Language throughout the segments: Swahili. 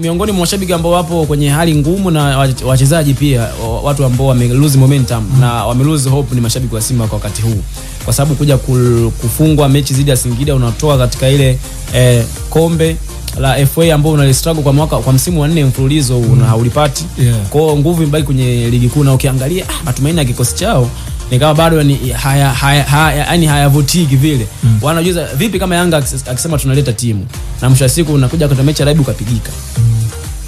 miongoni mwa mashabiki ambao wapo kwenye hali ngumu na wachezaji pia watu ambao wame lose momentum mm. na wame lose hope ni mashabiki wa Simba kwa wakati huu, kwa sababu kuja kufungwa mechi zidi ya Singida, unatoa katika ile eh, kombe la FA ambao unalistruggle kwa mwaka kwa msimu wa nne mfululizo huu mm. una haulipati yeah. Kwao nguvu imebaki kwenye ligi kuu, na ukiangalia ah, matumaini ya kikosi chao ni kama bado ni haya haya yaani haya, hayavutiki vile mm. wanajua vipi kama Yanga akisema tunaleta timu na mwisho wa siku unakuja kwa mechi ya derby ukapigika mm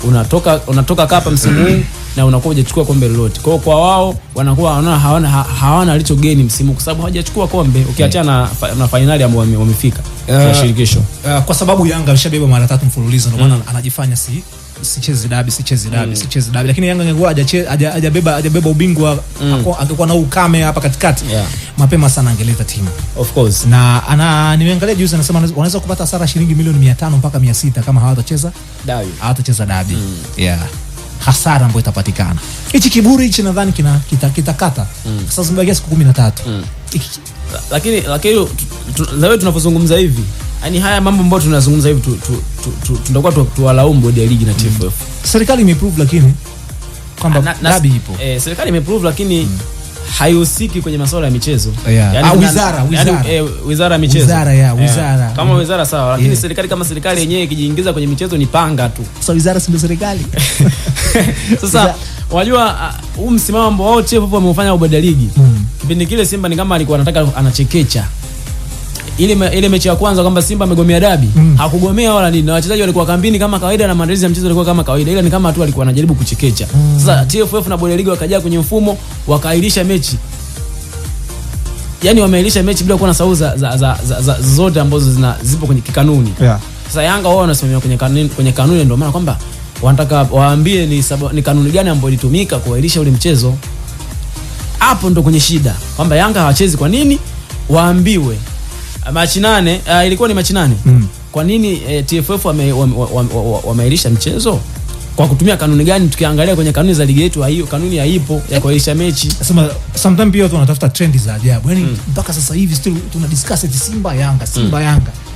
unatoka unatoka kapa msimu huu na unakuwa ujachukua kombe lolote. Kwa kwa wao wanakuwa wanaona hawana hawana alicho geni msimu kwa sababu hawajachukua kombe ukiachana na, na finali ambayo wamefika uh, shirikisho. Uh, kwa sababu Yanga alishabeba mara tatu mfululizo ndio maana mm. anajifanya si sichezi dabi sichezi dabi mm. sichezi dabi lakini Yanga ingekuwa hajabeba haja, hajabeba ubingwa mm. angekuwa na ukame hapa katikati yeah. mapema sana angeleta timu of course na ana nimeangalia juzi anasema wanaweza kupata hasara shilingi milioni 500 mpaka 600 kama hawatacheza dabi hawatacheza dabi mm. yeah hasara ambayo itapatikana. Hichi kiburi hichi nadhani kina kitakata kita mm. Sasa zimebaki siku 13 mm. lakini lakini leo tunapozungumza hivi yani haya mambo ambayo tunazungumza hivi tutakuwa tu, tu, tu, tuwalaumu bodi ya ligi na TFF mm. serikali imeprove lakini kwamba ah, na, dabi ipo eh, serikali imeprove lakini mm haihusiki kwenye masuala ya michezo ah, yeah. yani, ah, wizara, yaani, wizara. Yani, eh, wizara ya michezo wizara, yeah, eh, wizara. Yeah. kama mm. wizara sawa lakini yeah. serikali kama serikali yenyewe ikijiingiza kwenye michezo ni panga tu so, wizara sio serikali sasa wajua ah, huu uh, msimamo ambao wao TFF wameufanya ubadiligi mm. kipindi kile Simba ni kama alikuwa anataka anachekecha ile ile mechi ya kwanza kwamba Simba amegomea dabi mm. hakugomea wala nini, na wachezaji walikuwa kambini kama kawaida, na maandalizi ya mchezo yalikuwa kama kawaida, ila ni kama tu alikuwa anajaribu kuchekecha mm. Sasa TFF na bodi ya ligi wakaja kwenye mfumo, wakaahirisha mechi yani wameahirisha mechi bila kuwa na sababu za, za, za, za, za za, zote ambazo zina zipo kwenye kikanuni yeah. Sasa Yanga wao wanasimamia kwenye kanuni, kwenye kanuni ndio maana kwamba wanataka waambie ni, sabo, ni kanuni gani ambayo ilitumika kuahirisha ule mchezo. Hapo ndo kwenye shida kwamba Yanga hawachezi kwa nini, waambiwe Eh, Machi nane uh, ilikuwa ni Machi nane mm. Kwa nini eh, TFF wameahirisha wame, wame, mchezo kwa kutumia kanuni gani? Tukiangalia kwenye kanuni za ligi yetu, hiyo kanuni haipo ya kuahirisha mechi. Sema sometimes pia watu wanatafuta trendi za ajabu yani, mm. mpaka mm. sasa hivi still tuna discuss eti Simba Yanga, Simba mm. Yanga